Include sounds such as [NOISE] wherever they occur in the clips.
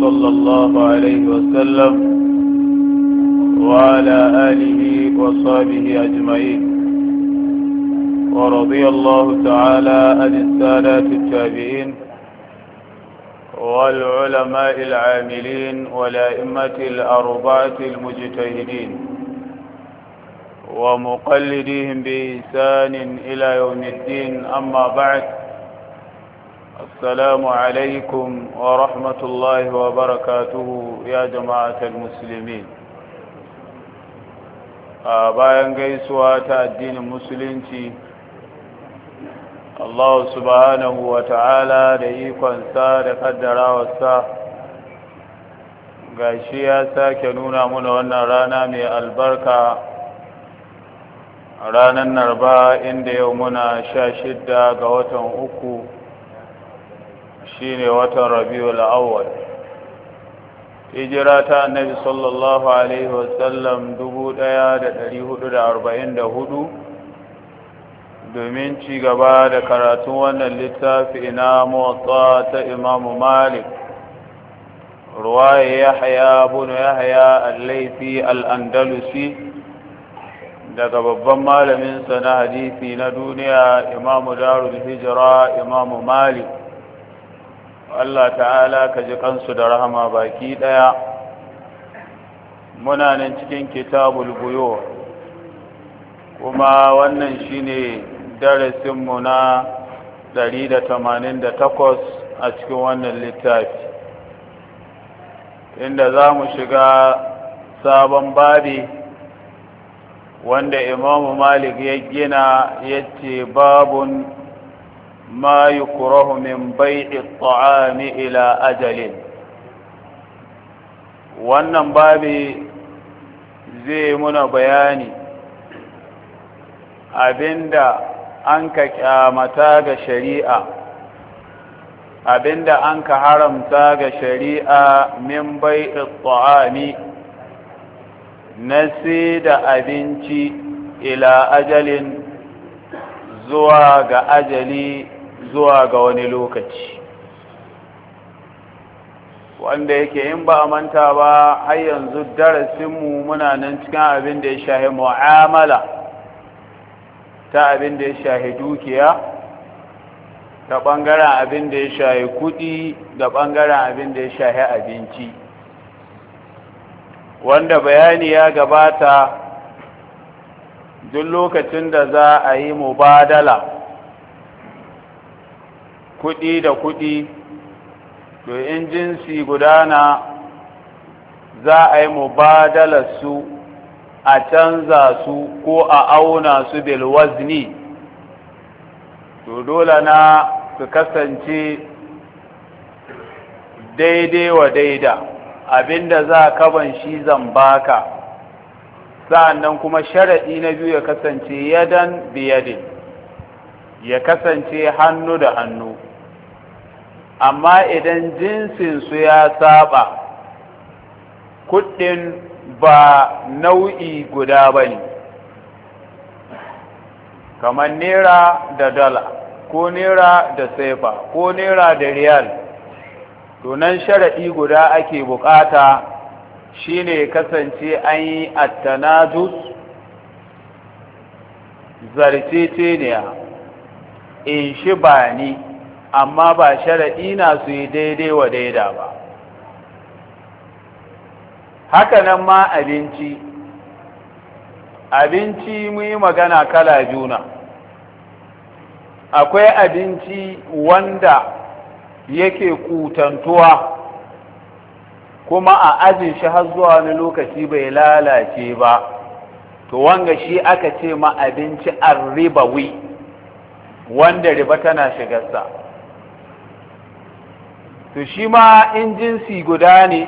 صلى الله عليه وسلم وعلى آله وصحبه أجمعين ورضي الله تعالى عن السادات التابعين والعلماء العاملين والأئمة الأربعة المجتهدين ومقلديهم بإحسان إلى يوم الدين أما بعد السلام عليكم ورحمة ya وبركاته يا جماعة المسلمين bayan gaisuwa ta addinin musulunci Allah subhanahu wa ta'ala da ikonsa da kaddarawarsa Gashi ya sake nuna muna wannan rana mai albarka ranar narba inda yau muna sha shidda ga watan uku shine watan rabiul awwal hijira ta annabi sallallahu alaihi wasallam 1444 domin ci gaba da karatun wannan littafi ina motsa ta imamu malik ruwaye yahya bin yahya al-laifi al-andalusi daga babban malamin sa na hadisi na duniya imamu darul hijira imamu malik Allah ta'ala ka ji kansu da rahama baki ɗaya muna nan cikin kitabul buyo kuma wannan shine darasin mu na 188 a cikin wannan littafi inda za mu shiga sabon babi wanda imamu malik ya gina ya ce babun ما يكره من بيع الطعام إلى أجل wannan babi zai muna bayani abinda an ka kyamata ga shari'a abinda an ka haramta ga shari'a min bai ta'ami na da abinci ila ajalin zuwa ga ajali zuwa ga wani lokaci wanda yake in ba a manta ba har yanzu darasinmu muna nan cikin abin da ya shahi mu'amala ta abin da ya shahi dukiya ta ɓangaren abin da ya shahi kuɗi da ɓangaren abin da ya shahi abinci wanda bayani ya gabata duk lokacin da za a yi mubadala kuɗi da kuɗi to in jinsi gudana za a yi mubadalar su a canza su ko a auna su bilwazni to dole na su kasance daidai wa daida abinda za kaban shi zan baka sa'annan kuma sharaɗi na biyu ya kasance yadan biyadin ya kasance hannu da hannu amma idan jinsinsu ya saba kuɗin ba nau'i guda ba ne kamar naira da dala ko naira da saifa ko naira da riyal to sharaɗi guda ake bukata shine kasance an yi attanadus zarceceniya in shi ba ni amma ba sharaɗi na su yi daidai wa daida ba haka nan ma abinci abinci mu yi magana kala juna akwai abinci wanda yake kutantuwa kuma a ajin shi har zuwa wani lokaci bai lalace ba to wanga shi aka ce ma abinci arribawi wanda riba tana shigarsa to shi ma in jinsi guda ne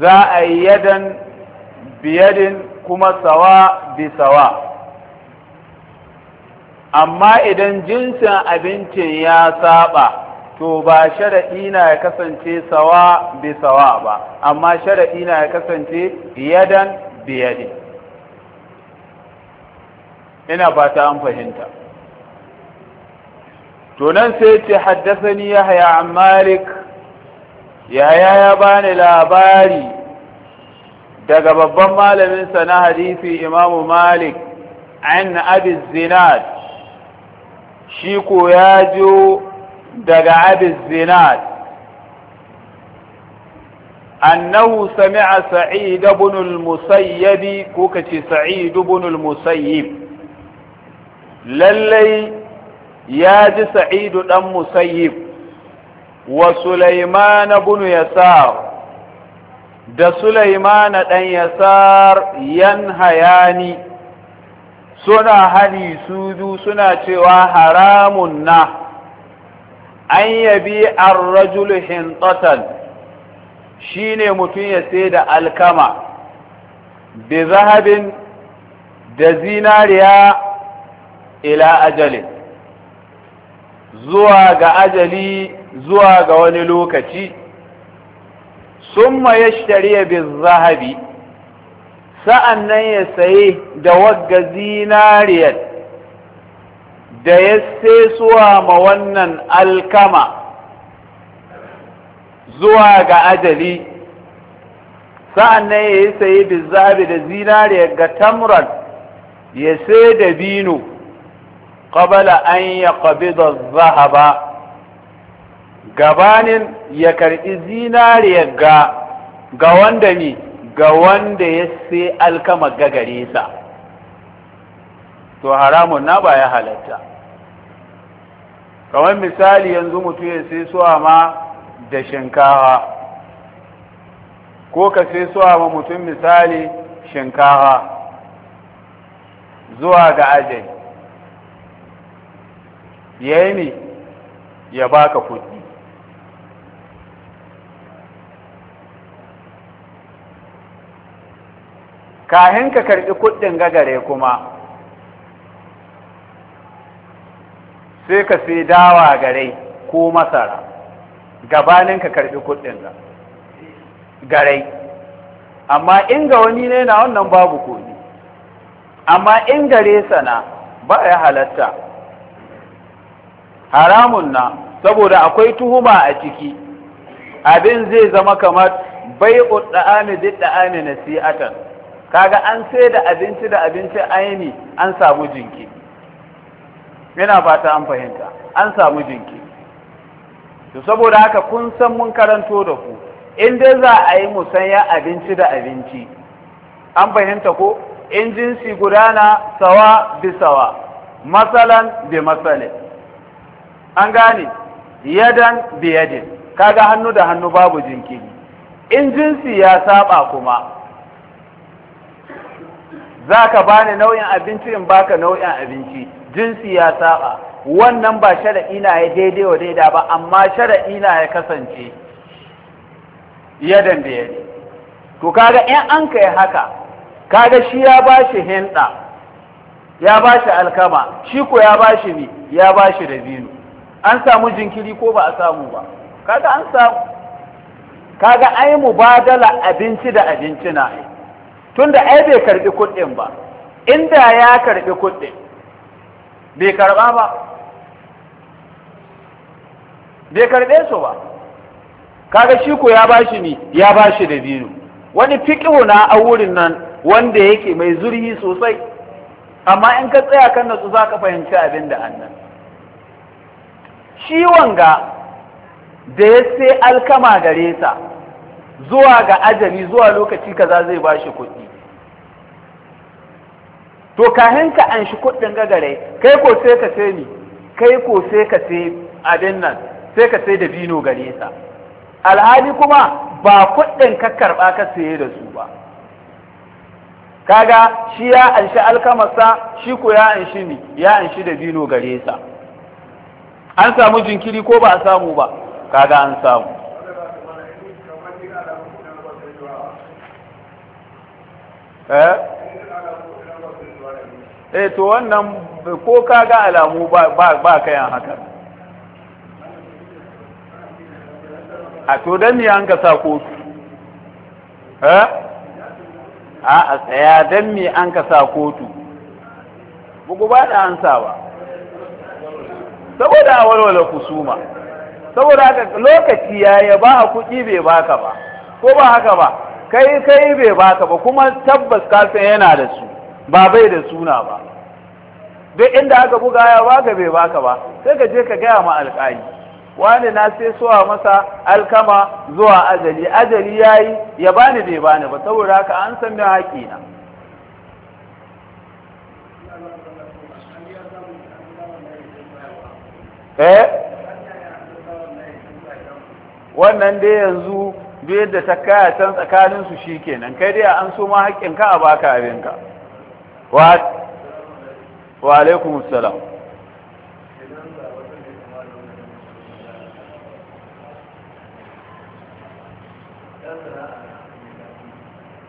za a yi yadan biyadin kuma sawa bi sawa amma idan jinsin abincin ya saba to ba sharaɗi na ya kasance sawa bi sawa ba amma sharaɗi na ya kasance yadan biyadin ina ba ta an fahimta to nan sai ce haddasani yahya an malik yahya ya bani labari daga babban malaminsa na hadisi imamu malik an abi zinad shi ko ya jo daga abi zinad annahu sami'a sa'id ibn al-musayyib ko kace sa'id ibn al-musayyib lallai ya ji sa'idu ɗan musayyib wa sulaimana bunu yasar da sulaimana ɗan yasar yan hayani suna hali su suna cewa haramun na an yabi an rajul shi ne mutum ya sai da alkama bi zahabin da zinariya ila ajalin zuwa ga ajali zuwa ga wani lokaci summa yashtariya bizahabi sa'an nan ya saye da wagga zinariyar da ya suwa ma wannan alkama zuwa ga ajali sa'an nan ya yi saye zahabi da zinariyar ga tamran ya sai da bino qabala an yaqbida zahaba gabanin ya karɓi zinariya ga ga wanda ne ga wanda ya sai alkama gagare sa to haramun na ba ya halatta kamar misali yanzu mutum ya sai suwa ma da shinkawa ko ka sai suwa ma mutum misali shinkawa zuwa ga ajali ya yi ne ya baka kuɗi kahin ka karɓi kuɗin gagare kuma sai ka sai dawa gare ko masara gabanin ka karɓi kuɗin gare amma in ga wani ne na wannan babu kuɗi amma in gare sana ba ya halatta haramun na saboda akwai tuhuma a ciki abin zai zama kamar bai'u da'ami bid na nasi'atan kaga an sai da abinci da abinci aini an samu jinki yana fata an fahimta an samu jinki to saboda haka kun san mun karanto da ku in dai za a yi musanya abinci da abinci an fahimta ko in jinsi gudana sawa bi sawa matsalan bi matsalin an gane yadan biyadin kaga hannu da hannu babu jinkiri in jinsi ya saba kuma za ka bani nau'in abinci in baka nau'in abinci jinsi ya saba wannan ba shara'i na ya daidai wa daidai ba amma shara'i na ya kasance yadan biyadin to kaga in an kai haka kaga shi ya bashi hinda ya bashi alkama shi ko ya bashi ni ya bashi dabino an samu jinkiri ko ba a samu ba kaga an samu kaga ai mubadala abinci da abinci na ai tunda ai bai karbi kuɗin ba inda ya karbi kuɗin bai karba ba bai karbe su ba kaga shi ko ya bashi ni ya bashi da biyu wani fiqhu na a wurin nan wanda yake mai zurhi sosai amma in ka tsaya kan natsu ka fahimci abin da annan ciwon ga da ya sai alkama gare ta zuwa ga ajali zuwa lokaci kaza zai ba shi kuɗi to kahin ka an shi kuɗin gare, kai ko sai ka sai ni kai ko sai ka sai abin nan sai ka sai da bino gare ta alhali kuma ba kuɗin ka karɓa ka saye da su ba kaga shi ya anshi alkamarsa shi ko ya anshi ni ya anshi da bino gare sa an samu jinkiri ko ba a samu ba kaga an samu eh, eh to wannan ko kaga alamu ba ba kayan haka a to dan me an ka sa kotu eh a a tsaya dan me an ka sa kotu bugu ba da an sa ba saboda a walwala kusuma saboda haka lokaci yi ba a kuɗi bai baka ba ko ba haka ba kai kai bai baka ba kuma tabbas kafin yana da su ba bai da suna ba duk inda aka buga ya baka bai baka ba sai ka je ka gaya ma alƙali wani na sai suwa masa alkama zuwa ajali ajali yi ya bani bai bani ba saboda haka an san mai haƙi na eh wannan dai yanzu duk yadda ta kaya can tsakanin su shikenan kai dai an so ma haƙƙin ka a baka abin wa wa alaikum assalam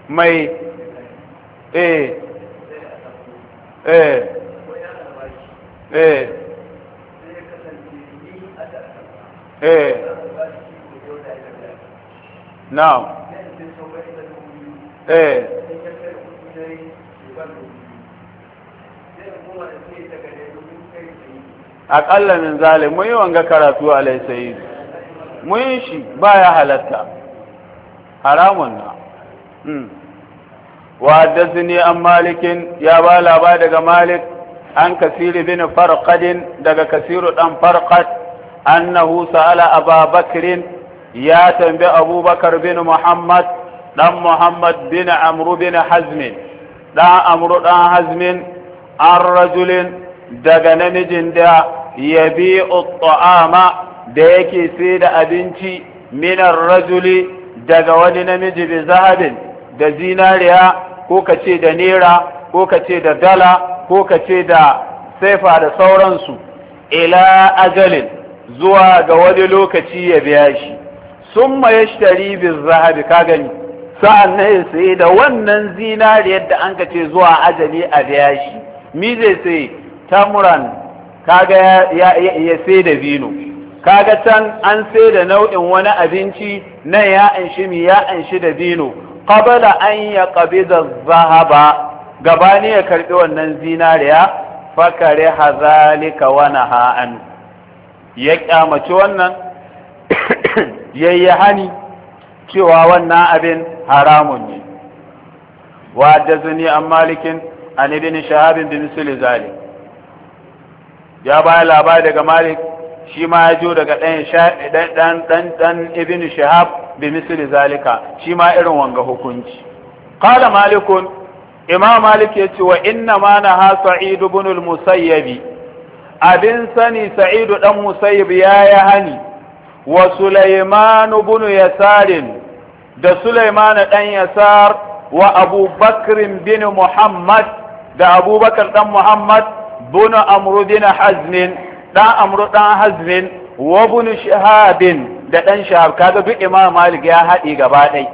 mai eh eh eh eh na'am eh min zale mun yi wanga karatu a laisayi mun yi shi ba ya halatta haramun na hmm. wa haddasa ne an malikin ya ba laba daga malik an kasiru bin farkadin daga kasiru ɗan farkad annahu sa'ala Aba Bakrin ya tambi Abubakar bin Muhammad dan Muhammad bin Amru bin Hazmin dan Amru dan Hazmin an rajulin daga namijin da bi ta'ama da yake sai da abinci minar rajuli daga wani namiji bi zahabin da zinariya ko ka ce da nera ko ka ce da dala ko ka ce da saifa da sauransu ila ajalin zuwa ga wani lokaci ya biya shi sun maye shi bin zahabi ka gani sa'an na ya sayi da wannan zinariyar da an ce zuwa ajali a biya shi mi zai sai tamuran kaga ya sai da vino kaga can an sai da nau'in wani abinci na ya anshi mi ya anshi da vino qabala an ya qabida zahaba gabani ya karbi wannan zinariya fakare hazalika wa naha anhu ya kyamaci wannan [COUGHS] yayi hani cewa wannan abin haramun ne wa zuni an malikin an ni shahabin bin sule zali ya baya labari daga malik shi ma ya jo daga ɗan ɗan ɗan ibn shahab bi misli zalika shi ma irin wanga hukunci qala malikun imam malik ya ce wa inna ma na sa'id ibn al musayyabi abin sani sa'idu dan musayib ya yi hani wa sulaiman ibn yasarin da sulaiman ɗan yasar wa abubakar bin muhammad da abubakar dan muhammad bunu amru bin hazmin dan amru dan hazmin wa bunu shahabin da dan shahab kaga duk imam malik ya haɗi gaba ɗai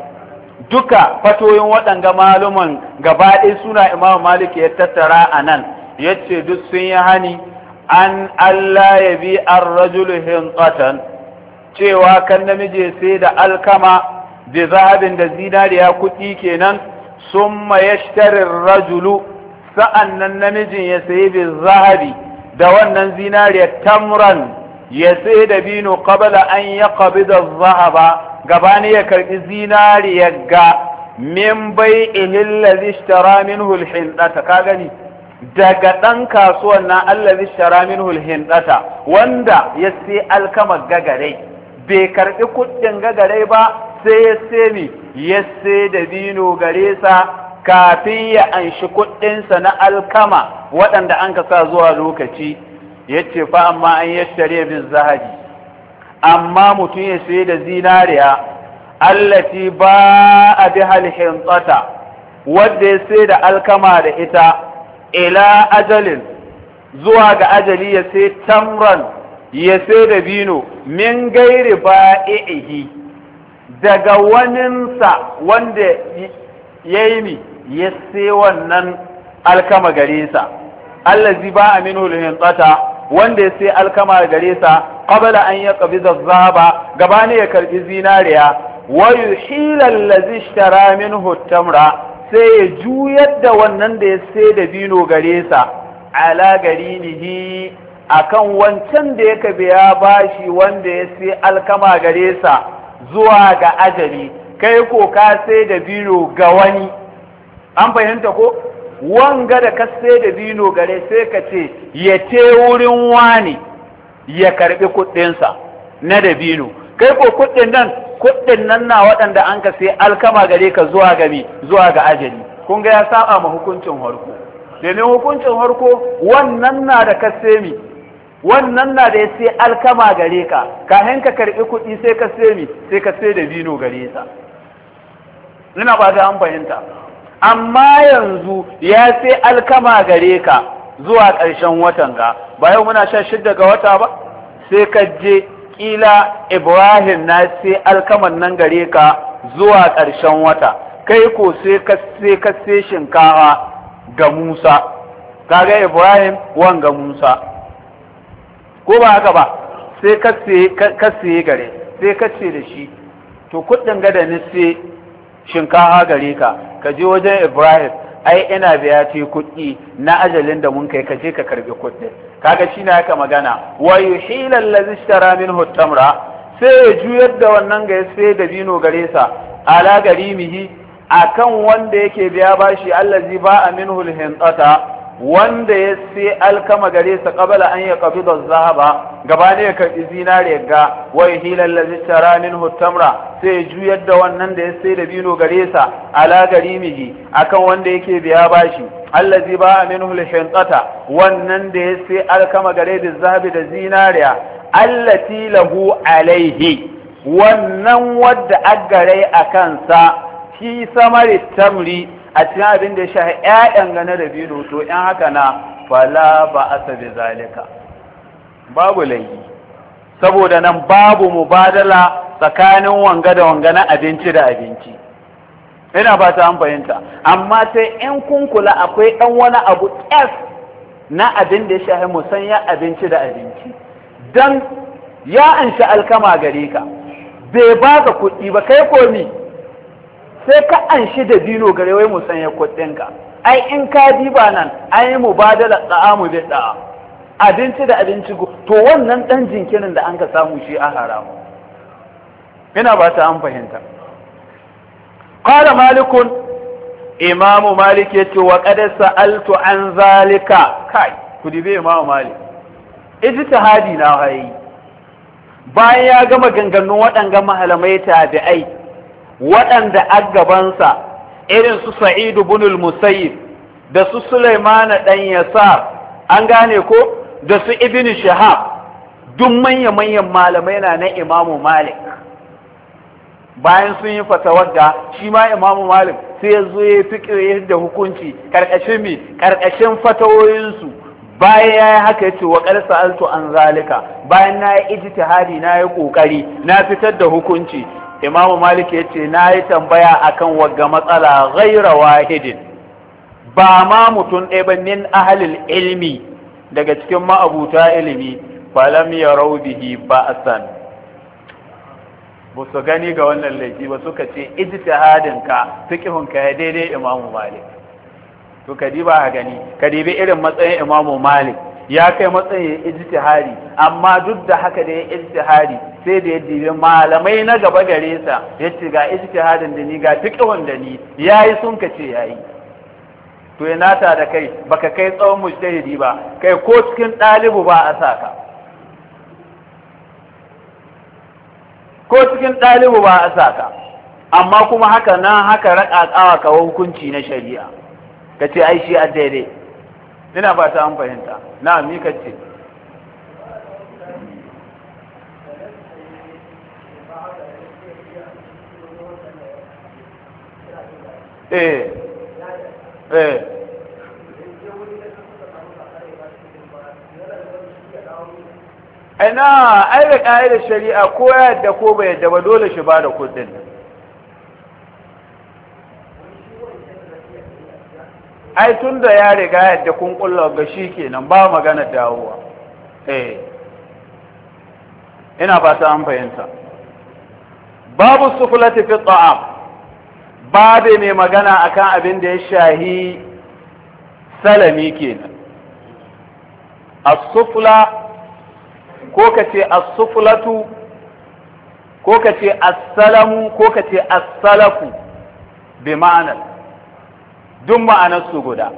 duka fatoyin waɗanga maluman gaba ɗai suna imam malik ya tattara a nan yace duk sun yi hani an Allah ya bi an rajulu hinqatan cewa kan namiji sai da alkama da zahabin da zinariya kuɗi kenan sun yashtarir rajulu sa'annan namijin ya sayi bi zahabi da wannan zinariya tamran ya sai da binu kabala an yaqbida zahaba gabani ya karbi zinariya ga min bai'ihi allazi ishtara minhu al-hindata ka gani daga ɗan kasuwan na allazi shara minhul hindata wanda ya sai alkama gagare bai karɓi kuɗin gagare ba sai ya sai ni ya sai da dino gare sa kafin ya anshi kuɗinsa na alkama waɗanda an ka sa zuwa lokaci ya ce fa amma an yashtare bin zahari. amma mutum ya sai da zinariya allati ba a bihal hindata wadda ya sai da alkama da ita ila ajalin zuwa ga ajali ya sai tamran ya sai da bino min gairi ihi daga waninsa wanda ya yi mi ya sai wannan alkama gare sa allazi ba a min tsata wanda ya sai alkama gare sa qabla an ya qabi zaba gabani ya karɓi zinariya wa yuhila allazi ishtara minhu tamra sai ya juyar da wannan da ya sai da bino gare sa ala gari a akan wancan da ya kabe ya bashi wanda ya sai alkama gare sa zuwa ga ajali kai ko ka sai da bino ga wani an fahimta ko wanga da ka sai da bino gare sai ka ce ya te wurin wani ya karɓi kuɗinsa na da bino kai ko kuɗin nan kuɗin nan na waɗanda an ka sai alkama gare ka zuwa ga zuwa ga ajali kun ga ya saba ma hukuncin harko domin hukuncin harko wannan na da ka kasemi wannan na da ya sai alkama gare ka kahin ka karɓi kuɗi sai ka semi sai ka sai da bino gare ta ina ba an fahimta amma yanzu ya sai alkama gare ka zuwa ƙarshen watan ga yau muna sha shidda ga wata ba sai ka je kila ibrahim na sai alkaman nan gare ka zuwa ƙarshen wata kai ko sai ka sai ka sai shinkawa ga musa kaga ibrahim wan ga musa ko ba haka ba sai ka sai ka sai gare sai ka ce da shi to kudin gada ni sai shinkawa gare ka ka je wajen ibrahim ai ina biya ce kuɗi na ajalin da mun kai ka je ka karbi kuɗi kaga shi ne aka magana wa yuhila allazi ishtara minhu tamra sai ya juyar da wannan ga sai da bino gare sa ala garimihi akan wanda yake biya bashi allazi ba minhu alhintata wanda ya sai alkama gare sa kabala an ya kafi da zahaba gabane ya karbi zinare ga wai hilal allazi tara minhu tamra sai juyar da wannan da ya sai da bino gare sa ala gari miji akan wanda yake biya bashi allazi ba minhu alhinqata wannan da ya sai alkama gare da zahabi da zinariya allati lahu alaihi wannan wadda aggare akan sa fi samari tamri a cikin abin da ya shafi ƴaƴan ga na da to in haka na fala ba a sabi zalika babu laifi saboda nan babu mubadala tsakanin wanga da wanga na abinci da abinci ina ba ta an fahimta amma sai in kunkula akwai ɗan wani abu ƙas na abin da ya mu musanya abinci da abinci dan ya anshi alkama gare ka bai baka kuɗi ba kai komi sai ka an shi da dino gare wai kudin kuɗinka ai in ka diba nan an yi mubadala mu bi da'a abinci da abinci to wannan ɗan jinkirin da an ka samu shi a haramu ina ba ta an fahimta qala malikun imamu malik yace wa qad sa'altu an zalika kai ku dibe imamu malik ijtihadi na hayi bayan ya gama ganganu waɗanga mahalamai tabi'ai waɗanda gabansa irin su Sa'idu ibn musayyib da su Sulaiman dan Yasar an gane ko da su Ibn Shihab duk manya-manyan malamai na na Imamu Malik bayan sun yi fatawar da shi ma Imamu Malik sai ya zo ya da hukunci karkashin mi karkashin fatawoyinsu bayan ya yi haka ce wa qad sa'altu an zalika bayan na yi ijtihadi na yi kokari na fitar da hukunci imamu malik yace na yi tambaya akan wagga matsala ghaira wahidin ba ma mutum ɗaya ba min ahalil ilmi daga cikin ma'abuta ilimi lam ya bihi ba'san ba su gani ga wannan laifi ba suka ce ijtihadin ka fiqhun ka daidai imamu malik to kadi ba gani kadi bi irin matsayin imamu malik ya kai matsayin ijtihadi amma duk da haka da ya ijtihadi sai da ya dibi malamai na gaba gare sa ya ce ga iske hadin da ni ga fiqhun da ni ya yi sun ka ce ya yi. to ya nata da kai baka kai tsawon mujtahidi ba kai ko cikin ɗalibu ba a sa ka ko cikin ɗalibu ba a sa ka amma kuma haka nan haka raƙaƙawa ka hukunci na shari'a ka ce ai shi a daidai ina ba ta an fahimta na mi ka ce eh eh ina ai da ƙa'idar shari'a ko ya yadda ko bai yadda ba dole shi ba da kudin ai tun da ya riga yadda kun kulla ga shi kenan ba magana dawowa eh ina ba ta an fahimta babu sufulati fi ta'am babu mai magana akan abin da ya shahi salami kenan as-sufla ko kace as-suflatu ko kace ce asalamu, ko kace ce bi ma'anar duk ma'anar su guda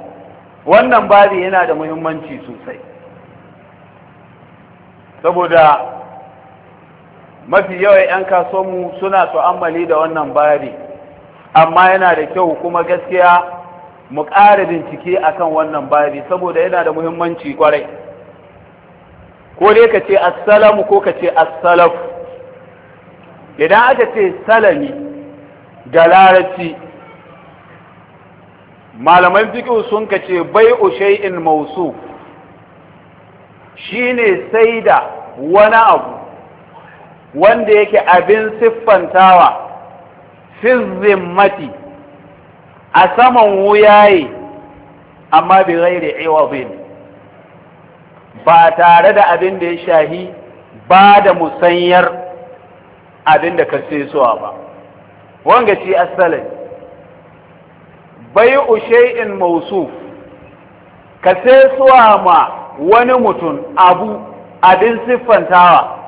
wannan babi yana da muhimmanci sosai saboda mafi yawan 'yan kasuwarmu suna tu'ammali da wannan bari amma yana da kyau kuma gaskiya mu ƙara bincike a kan wannan babi saboda yana da muhimmanci kwarai ko dai ka ce assalamu ko ka ce assalaf idan aka ce salami ga larabci malaman fiqh sun ka ce bai'u shay'in mawsuf shine da wani abu wanda yake abin siffantawa fizzin mati a saman wuyaye amma bi ghairi iwazin ba tare da abin da ya shahi ba da musanyar abin da ka sai suwa ba wanga ci asalin bai shay'in mausuf ka sai suwa ma wani mutum abu abin siffantawa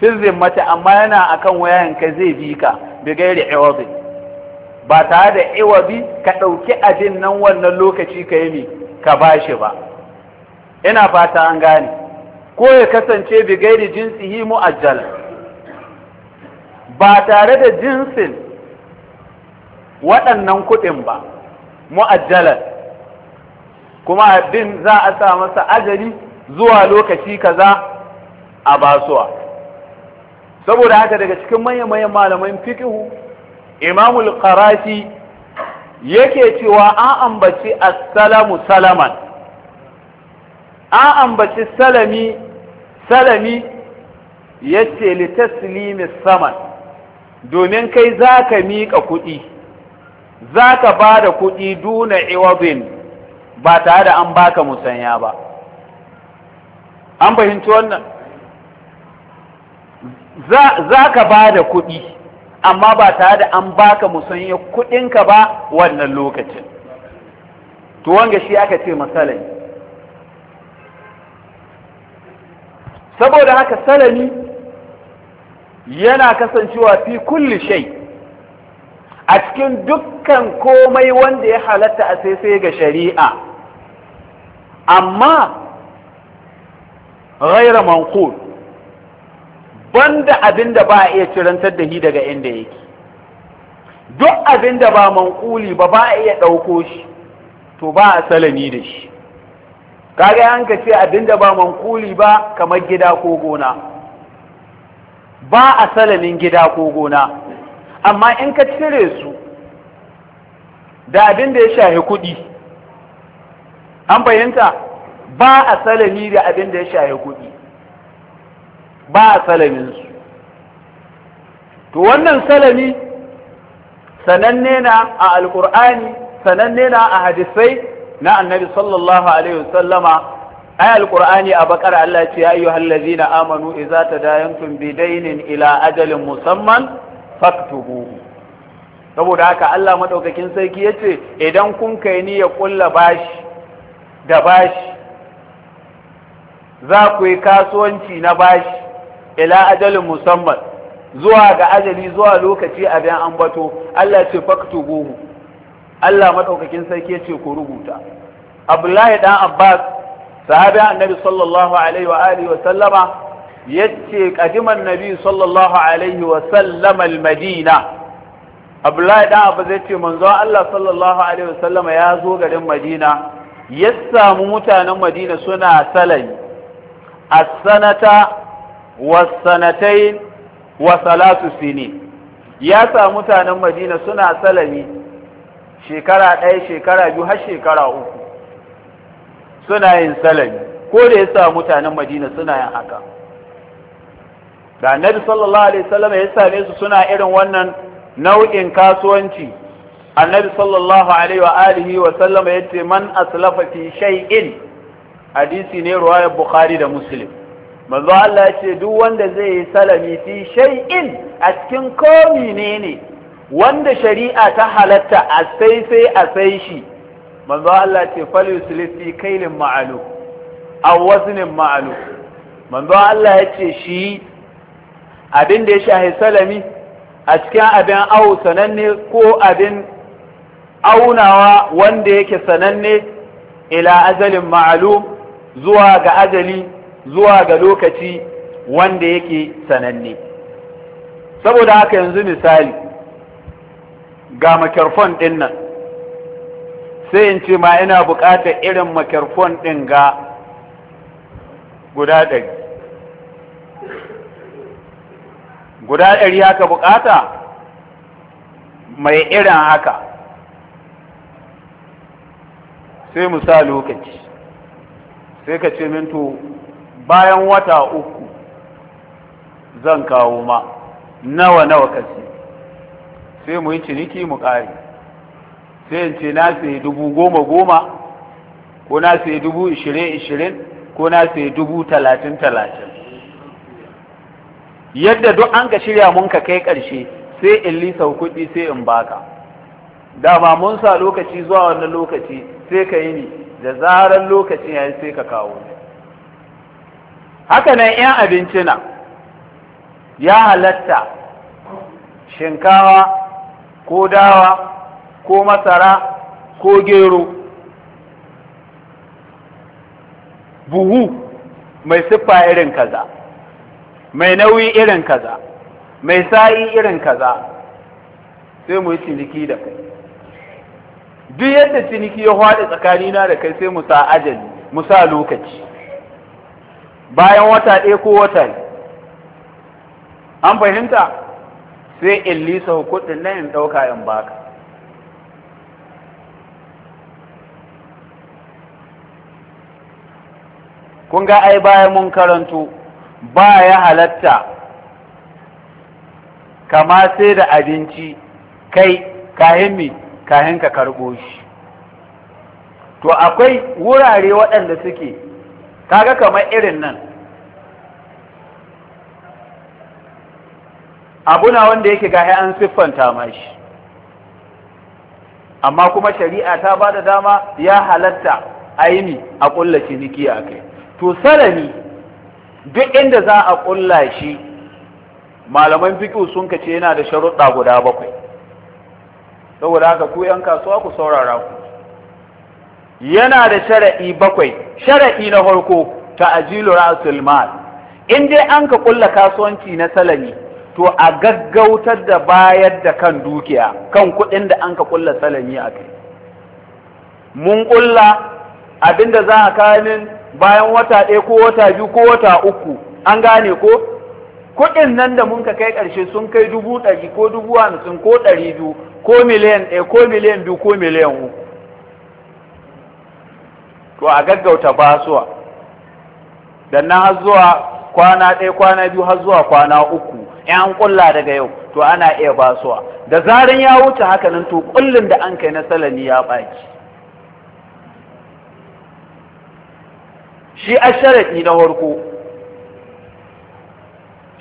fizzin mati amma yana akan wayanka ka zai bi ka bi gairi iwazi ba tare da iwazi ka ɗauki abin nan wannan lokaci ka yi ne ka bashi ba ina fata an gane ko ya kasance bi gairi jinsihi mu'ajjal ba tare da jinsin waɗannan kuɗin ba mu'ajjalar kuma abin za a sa masa ajali zuwa lokaci kaza a basuwa saboda haka daga cikin manyan manyan malaman fiqhu imamul karati yake cewa an ambaci assalamu salaman an ambaci salami salami yace li taslimi saman domin kai zaka miƙa kuɗi zaka bada kuɗi duna iwabin, ba tare da an baka musanya ba an fahimci wannan za ka ba da kuɗi amma ba tare da an baka musanya kuɗinka ba wannan lokacin to wanga shi aka ce masalami saboda haka salami yana kasancewa fi kulli shai a cikin dukkan komai wanda ya halatta a sai sai ga shari'a amma ghaira manqul banda abin da ba a iya cirantar da shi daga inda yake duk abin da ba manquli ba ba a iya ɗauko shi to ba a salami da shi kaga ka ce abin da ba manquli ba kamar gida ko gona ba a salamin gida ko gona amma in ka cire su da abin da ya shahi kuɗi an fahimta ba a salami da abin da ya shahi kuɗi ba salaminsu to wannan salami sananne na a alkur'ani sananne na a hadisai na annabi sallallahu alaihi wasallama ay alkur'ani a bakar Allah ce ya ayyuhal ladzina amanu idza tadayantum bidainin ila ajalin musamman faktubu saboda haka Allah madaukakin sarki yace idan kun kai ni ya kulla bashi da bashi za ku yi kasuwanci na bashi ila ajalin musamman zuwa ga ajali zuwa lokaci a bayan ambato Allah ce faktubuhu Allah madaukakin sarki ce ku rubuta Abdullahi dan Abbas sahabi annabi sallallahu alaihi wa alihi wa sallama yace kadiman nabi sallallahu alaihi wa sallama al-Madina Abdullahi dan Abbas yace manzo Allah sallallahu alaihi wa sallama ya zo garin Madina ya samu mutanen Madina suna salai as-sanata wasanatai wa salatu sini ya sa mutanen madina suna salami shekara ɗaya shekara biyu har shekara uku suna yin salami ko da ya sa mutanen madina suna yin haka da annabi sallallahu alaihi wasallam ya same su suna irin wannan nau'in kasuwanci annabi sallallahu alaihi wa alihi wa sallam ya ce man aslafa fi shay'in hadisi ne riwayar bukhari da muslim manzo Allah ya ce duk wanda zai yi salami fi shay'in a cikin komi ne ne wanda shari'a ta halatta a sai sai a sai shi manzo Allah ce fali sulusi kailin ma'alu a wazinin ma'alu manzo Allah ya ce shi abin da ya shahi salami a cikin abin au sananne ko abin aunawa wanda yake sananne ila azalin ma'alum zuwa ga ajali zuwa ga lokaci wanda yake sananne saboda haka yanzu misali ga makarfon ɗin nan sai in ce ma ina buƙatar irin makarfon ɗin ga guda ɗari guda ɗari haka buƙata mai irin haka sai mu sa lokaci sai ka ce minto bayan wata uku zan kawo ma nawa nawa kasi sai mu yi ciniki mu ƙari sai in ce na sai dubu goma goma ko na sai dubu ishirin ishirin ko na sai dubu talatin talatin yadda duk an ka shirya mun ka kai ƙarshe sai in lisa kuɗi sai in baka dama mun sa lokaci zuwa wannan lokaci sai ka yi ni da zarar lokacin yayi sai ka kawo ni haka nan 'yan abinci na ya halatta shinkawa ko dawa ko masara ko gero buhu mai siffa irin kaza mai nauyi irin kaza mai sa'i irin kaza sai mu yi ciniki da kai duk yadda ciniki ya haɗe tsakanina da kai sai mu sa ajali mu sa lokaci bayan wata ɗaya ko wata ne an fahimta sai in lisa hukudin nan in ɗauka in baka kun ga ai bayan mun karanto ba ya halatta kama sai da abinci kai kahin mi kahin ka karɓo shi to akwai wurare waɗanda suke kaga kamar irin nan abu na wanda yake ga an siffanta mashi amma kuma shari'a ta ba da dama ya halatta aini a ƙulla ciniki a kai to salami duk inda za a ƙulla shi malaman fiƙi sun kace yana da sharuɗa guda bakwai saboda haka ku 'yan kasuwa ku saurara ku yana da shara'i bakwai shara'i na farko ajilu ra'sul mal in dai an ka kulla kasuwanci na salami to a gaggautar da bayar da kan dukiya kan kuɗin da an ka kulla salami a kai mun kulla abinda za a kamin bayan wata ɗaya ko wata biyu ko wata uku an gane ko kuɗin nan da mun ka kai ƙarshe sun kai dubu ɗari ko dubu hamsin ko ɗari biyu ko miliyan ɗaya ko miliyan biyu ko miliyan uku to a gaggauta basuwa dan nan har zuwa kwana ɗaya kwana biyu har zuwa kwana uku in an kulla daga yau to ana iya basuwa da zaran ya wuce haka nan to kullun da an kai na salani ya baki shi a sharaɗi na farko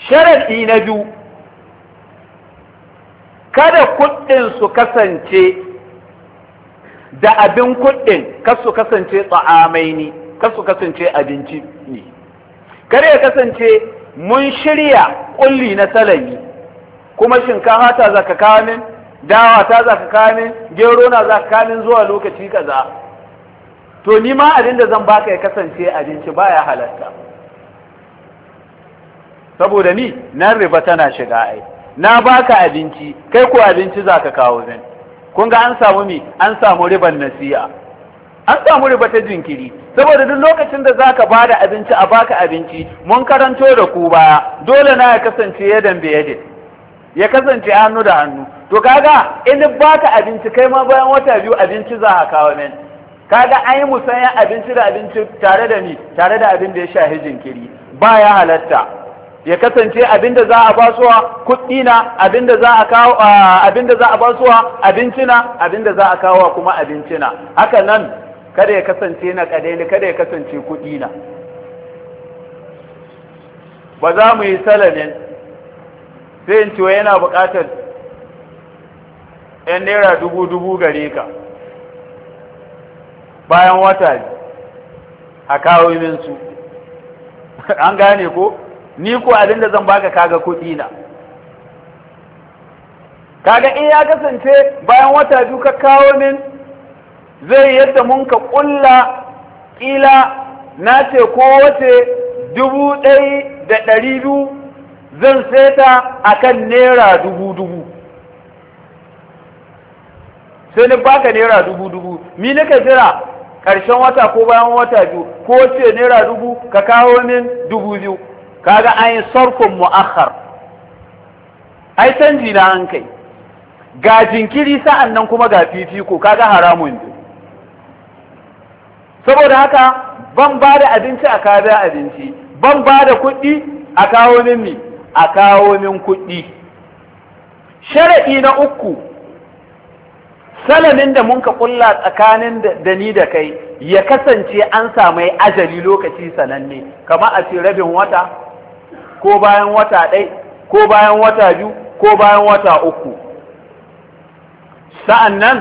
sharaɗi na biyu kada kuɗin su kasance da abin kuɗin kasu kasance tsa'amai ne kasu kasance abinci ne kar ya kasance mun shirya ƙulli na salami kuma shinkafa ta zaka kamin dawa ta zaka kamin gero na zaka kamin zuwa lokaci kaza to ni ma abin da zan baka ya kasance abinci baya halatta saboda ni nan riba tana shiga ai na baka abinci kai ko abinci zaka kawo zan kun ga an samu mi an samu riban nasiya an samu riba ta jinkiri saboda duk lokacin da zaka bada abinci a baka abinci mun karanto da ku baya dole na ya kasance ya dambe ya kasance hannu da hannu to kaga in baka abinci kai ma bayan wata biyu abinci za ka kawo men kaga an yi musanya abinci da abinci tare da ni tare da abin da ya shahi jinkiri Ba ya halatta ya kasance abinda za a basuwa kuɗi na abinda za a kawo abinda za a basuwa abinci na abinda za a kawo kuma abinci na haka nan kada ya kasance na kadai kada ya kasance kuɗi na ba za mu yi salamin sai in ciwo yana buƙatar ‘yan naira dubu dubu gare ka bayan wata a kawo min su an gane ko ni ko abinda zan baka kaga kuɗi na kaga in ya kasance bayan wata biyu ka kawo min zai yadda mun ka ƙulla ƙila na ce ko wace dubu ɗai da ɗari biyu zan seta a kan naira dubu dubu sai ni baka naira dubu dubu mi nika jira ƙarshen wata ko bayan wata biyu ko ce naira dubu ka kawo min dubu biyu kaga an yi sarkun mu'akhar ai canji na an kai ga jinkiri sa'an nan kuma ga fifiko kaga haramun ne saboda haka ban ba da abinci a kawo abinci ban ba da kuɗi a kawo min mi a kawo min kuɗi sharaɗi na uku salamin da mun ka ƙulla tsakanin da ni da kai ya kasance an samu ajali lokaci sananne kamar a ce rabin wata ko bayan wata ɗai ko bayan wata biyu ko bayan wata uku sa'an nan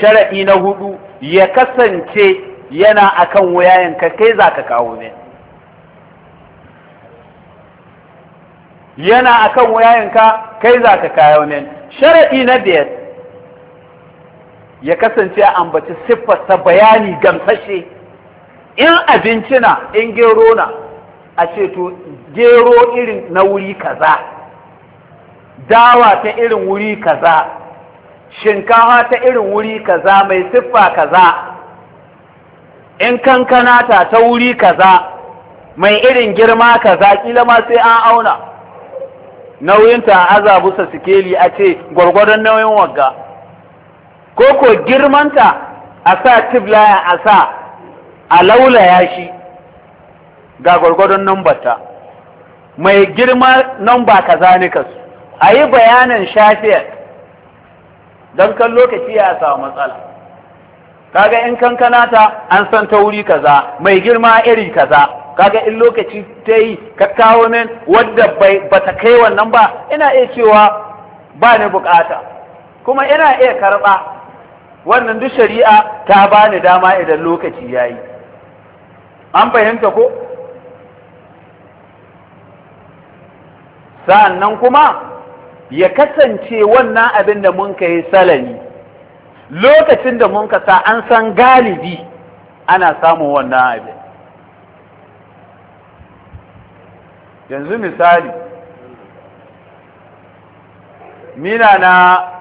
shara'i na hudu ya kasance yana akan wuyayen ka kai za ka kawo ne yana akan wuyayen ka kai za ka kawo ne Shara'i na biyar ya kasance a ambaci siffarsa bayani gamsashe in abinci na in gero na a ce to gero irin na wuri kaza dawa ta irin wuri kaza shinkawa ta irin wuri kaza mai siffa kaza in kankana ta ta wuri kaza mai irin girma kaza kila ma sai an auna nauyinta azabu sa sikeli a ce gwargwadon nauyin wagga ko ko girmanta a sa tiblaya a sa a laulaya shi ga gwargwadon numbarta mai girma nan ba ka su a yi bayanin shafiyar don kan lokaci ya samu matsala kaga in kankana ta an san ta wuri kaza mai girma iri kaza kaga in lokaci ta yi ka nan min wadda ba ta kai wannan ba ina iya cewa ba ni bukata kuma ina iya karba wannan duk shari'a ta ba ni dama idan lokaci ya yi an fahimta ko Sannan kuma ya kasance wannan abin da mun ka yi salari lokacin da mun ka sa an san galibi ana samun wannan abin yanzu misali mina na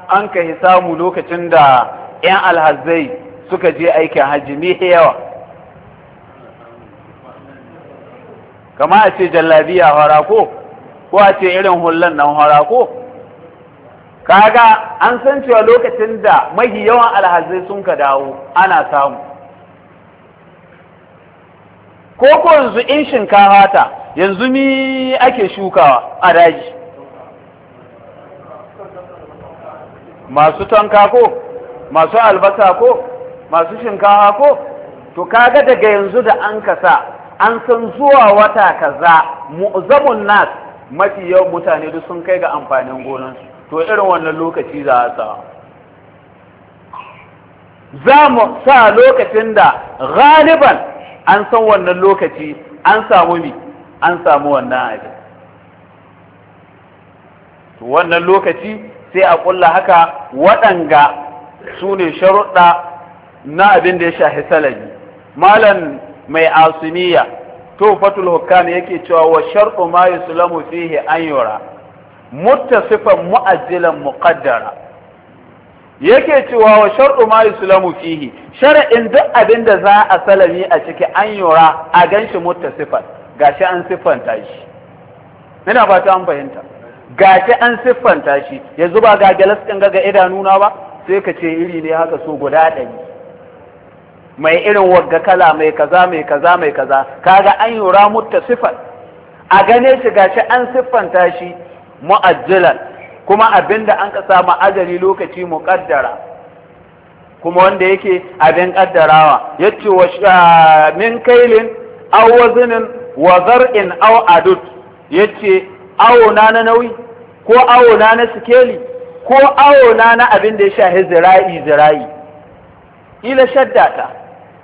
an yi samu lokacin da 'yan alhazai suka je aikin hajji ne yawa kama a ce jallabiya hara ko ko a ce irin hullan nan hora ko kaga an san cewa lokacin da mahi yawan alhazai sun ka dawo ana samu ko ko yanzu in shinkafa ta yanzu mi ake shukawa a daji masu tanka ko masu albasa ko masu shinkafa ko to kaga daga yanzu da an kasa an san zuwa wata kaza mu'zamun nas mafi yawan mutane duk sun kai ga amfanin gonan to irin wannan lokaci za a sa za mu sa lokacin da galiban an san wannan lokaci an samu mi an samu wannan abin to wannan lokaci sai a kulla haka waɗanga su ne sharuɗa na abin da ya shahi salami malam mai asumiya tufatul hukam yake cewa wa shar'u ma yuslamu fihi an yura muttasifan mu'ajjilan muqaddara yake cewa wa shar'u ma yuslamu fihi shar'in duk abin da za a salami a ciki an yura a ganshi muttasifan gashi an siffanta shi ina fata an fahimta gashi an siffanta shi yanzu ba ga galas din ga idanuna ba sai ka ce iri ne haka so guda ɗari mai irin wagga kala mai kaza mai kaza mai kaza kaga an yura mutta sifan a gane shi gashi an siffanta shi mu'ajjilan kuma abinda an ka samu ajali lokaci muqaddara kuma wanda yake abin kaddarawa yace wa min kailin aw wazinin wa zar'in aw adud yace awo na na nauyi ko awo na na sikeli ko awo na na abin da ya shahi zira'i zira'i ila shaddata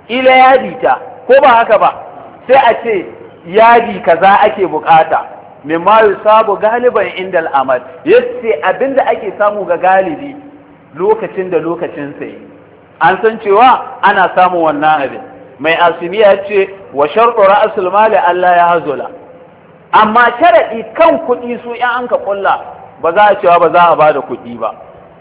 ila yadi ta ko ba haka ba sai a ce yadi kaza ake bukata mimma yusabu galiban inda al'amal yace abinda ake samu ga galibi lokacin da lokacin sai an san cewa ana samun wannan abin mai asimiya ce wa sharɗu ra'asul mali Allah ya hazula amma sharaɗi kan kuɗi su in an ka ƙulla ba za a cewa ba za a ba da kuɗi ba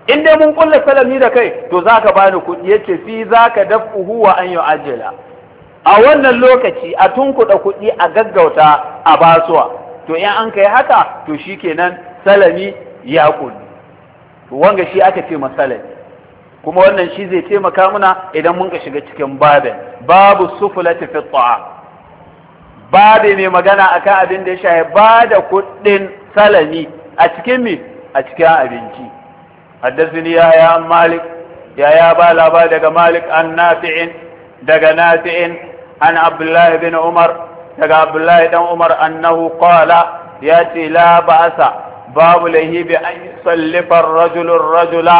in dai mun kulle salami da kai to za ka bani kuɗi ya fi za ka dafu huwa an yi ajila a wannan lokaci a tunkuɗa kuɗi a gaggauta a basuwa to in an kai haka to shi kenan salami ya kulli wanga shi aka ce masalami kuma wannan shi zai taimaka muna idan mun ka shiga cikin babin babu sufulati fi babe mai magana akan abin da ya shafi ba da kuɗin salami a cikin mi a cikin abinci haddathani yahya an malik yahya ba labari daga malik an nafi'in daga nafi'in an abdullah bin umar daga abdullah dan umar annahu qala ya ce la ba'asa babu lahibi bi an yusallifa ar-rajulu rajula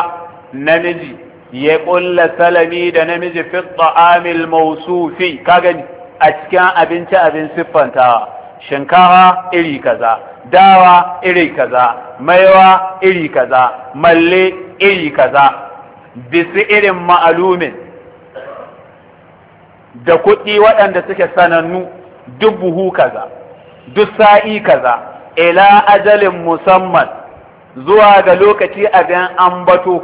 namiji ya kulla salami da namiji fi ta'amil mawsufi ka a cikin abinci abin siffanta shinkafa iri kaza dawa iri kaza maiwa iri kaza malle iri kaza bisi irin ma'alumin da kuɗi waɗanda suke sanannu duk buhu kaza duk sa'i kaza ila ajalin musamman zuwa ga lokaci abin ambato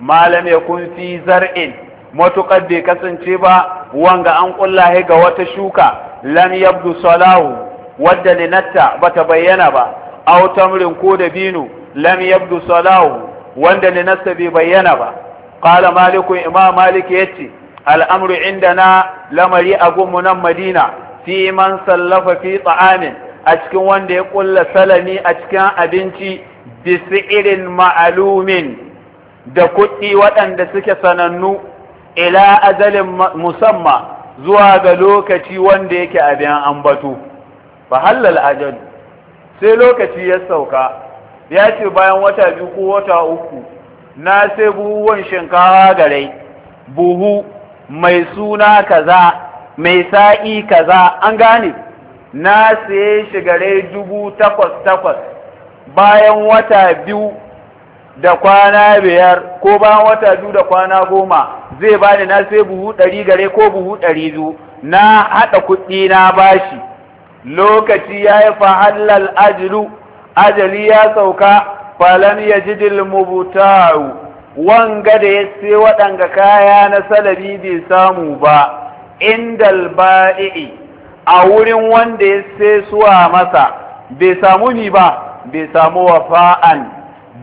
malam ya kun fi zar'in matuƙar bai kasance ba wanga an ƙullahi ga wata shuka lam yabdu salahu wadda ninatta bata bayyana ba aw tamrin ko da binu lam yabdu salahu wanda linasta bai bayyana ba qala maliku imam malik yace al'amru indana lamari a gunmu madina fi man sallafa fi ta'amin a cikin wanda ya kulla salami a cikin abinci irin ma'alumin da kuɗi waɗanda suke sanannu ila azalin musamma zuwa ga lokaci wanda yake abin ambato. fa halal ajal sai lokaci ya sauka ya ce bayan wata biyu ko wata uku na sai buhuwan shinkawa gare buhu mai suna kaza mai sa'i kaza an gane na sai shi gare dubu takwas takwas bayan wata biyu da kwana biyar ko bayan wata biyu da kwana goma zai bani na sai buhu ɗari gare ko buhu ɗari biyu na haɗa kuɗi na bashi lokaci ya yi fahallal ajilu ajali ya sauka falon ya ji dilmubutaru wanga da ya sai waɗanga kaya na salabi bai samu ba indal ba'i'i a wurin wanda ya sai suwa masa bai samu ni ba bai samu wafa'an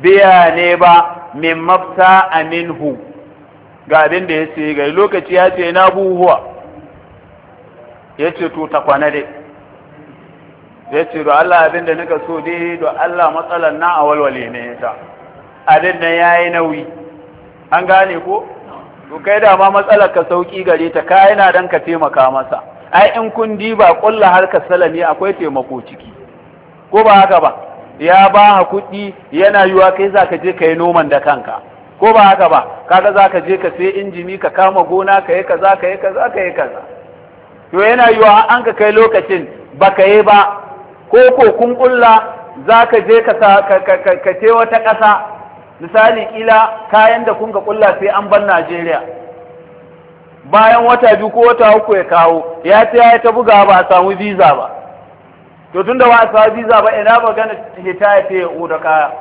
biya ne ba min mafta aminhu ga abin da ya ce ga lokaci ya ce na buhuwa ya ce to kwana dai zai ce da Allah abin da nika so dai da Allah matsalar na a walwale ne ta abin nan yayi nauyi an gane ko to kai da matsalar ka sauki gare ta ka yana dan ka taimaka masa ai in kun diba har harkar salami akwai taimako ciki ko ba haka ba ya ba kuɗi yana yiwa kai za ka je ka yi noman da kanka ko ba haka ba kaga za ka je ka sai injini ka kama gona ka yi kaza ka yi kaza ka yi kaza to yana yiwa an ka kai lokacin ba ka yi ba ko ko kun kulla za ka je ka ce wata ƙasa misali kila kayan da kun ga kulla sai an ban Najeriya bayan wata biyu ko wata uku ya kawo ya ce ya ta buga ba a samu visa ba to tunda ba a samu visa ba ina ba gana hita ya ce ya da kaya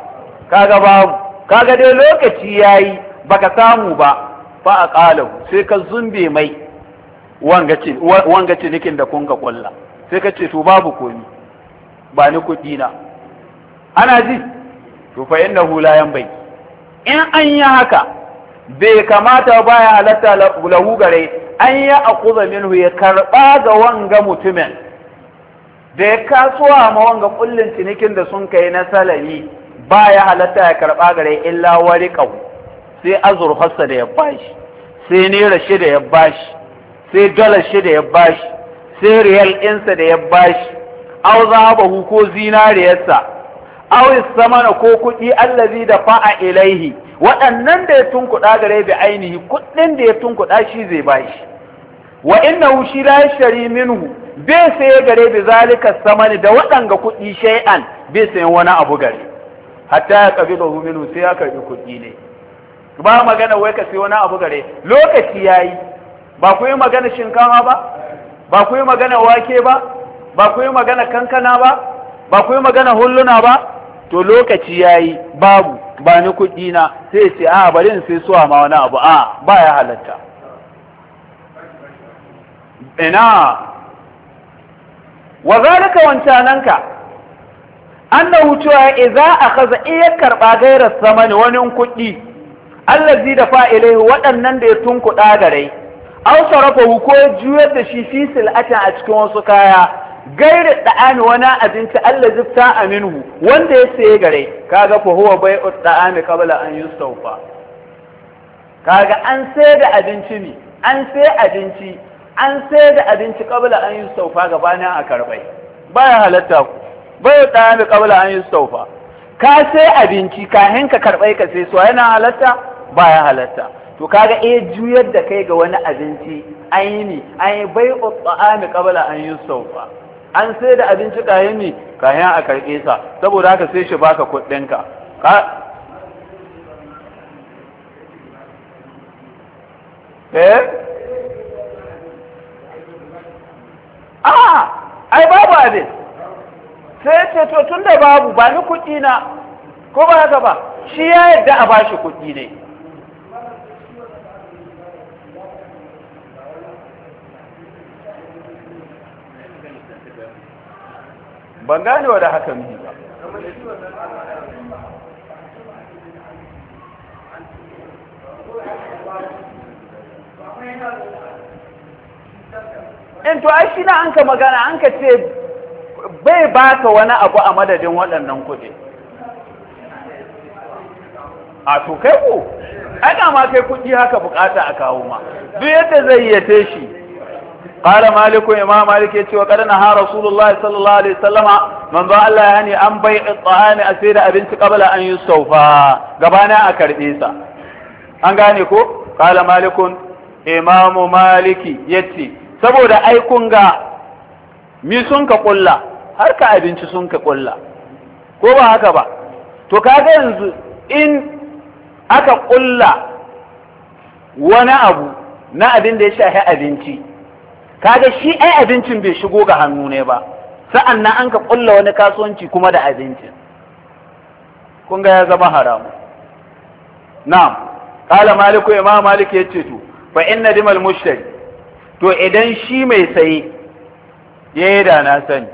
kaga babu kaga dai lokaci yayi baka samu ba fa a ƙalau sai ka zumbe mai wanga cinikin da kun ka kulla sai ka ce to babu komi ba ni kuɗi na ana ji to fa hula, la yanbai in an yi haka bai kamata ba ya halatta lahu gare an ya akuza minhu ya karba ga wanga mutumin da ya kasuwa ma wanga kullin cinikin da sun kai na salami baya halatta ya karba gare illa wariqahu sai azurfarsa da ya bashi sai naira shida ya bashi sai dala shida ya bashi sai riyal insa da ya bashi aw zahabahu ko zinariyarsa aw istamana ko kuɗi allazi da fa'a ilaihi waɗannan da ya tunkuɗa gare bi ainihi kuɗin da ya tunkuɗa shi zai bashi wa innahu shi la yashri minhu bai sai gare bi zalika samani da waɗanga kuɗi shay'an bai sai wani abu gare hatta ya qabilahu minhu sai ya karbi kuɗi ne ba magana wai ka sai wani abu gare lokaci yayi ba ku yi magana shinkawa ba ba ku yi magana wake ba ba ku yi magana kankana ba ba ku yi magana hulluna ba to lokaci ya yi babu ba ni kuɗi na sai ce a ah, bari in sai suwa ma wani abu a ba ya halatta ina wa zalika wancananka annahu cewa idza akhadha iya karɓa gairar samani wani kuɗi Allah allazi da fa'ilai waɗannan da ya da rai au sarrafa ko juyar da shi fisil a cikin wasu kaya gairi da'ami wani abinci Allah zifta aminu wanda ya saye gare kaga fa huwa bai'u da'ami qabla an yi yustawfa kaga an sai da abinci ne an sai abinci an sai da abinci qabla an yustawfa gabanin a karbai baya halatta ku bai bai'u da'ami qabla an yi yustawfa ka sai abinci kahin ka karɓai ka sai so yana halatta Ba ya halatta to kaga eh juyar da kai ga wani abinci an yi ne an yi bai'u da'ami qabla an yi yustawfa an sai da abinci kayan ne kayan a karɓe sa saboda haka sai shi baka kuɗinka ka eh a ah! ai babu abin sai ce to tun da babu ba ni kuɗi na ko ba haka ba shi ya yadda a bashi kuɗi ne ban gane wa da haka ne ba in to shi na anka magana anka ce bai baka wani abu a madadin waɗannan kuɗi a to kai ku ai ma kai kuɗi haka bukata a kawo ma duk yadda zai yi ya shi Ƙara qala maliku imam ya ce wa qad naha rasulullahi sallallahu alaihi wa Man manzo Allah ya hani an bai tsahani a sai da abinci qabla an yi yusawfa gabana a karbe sa an gane ko qala malikun imam maliki ya ce saboda ai kun ga mi sun ka ƙulla, har ka abinci sun ka ƙulla. ko ba haka ba to kaga yanzu in aka ƙulla wani abu na abin da ya shafi abinci kaga shi ai abincin bai shigo ga hannu ne ba sa'an nan an ka ƙulla wani kasuwanci kuma da abinci. kun ga ya zama haramu na'am qala maliku imam malik yace to fa inna dimal mushtari to idan shi mai saye yayi da na sani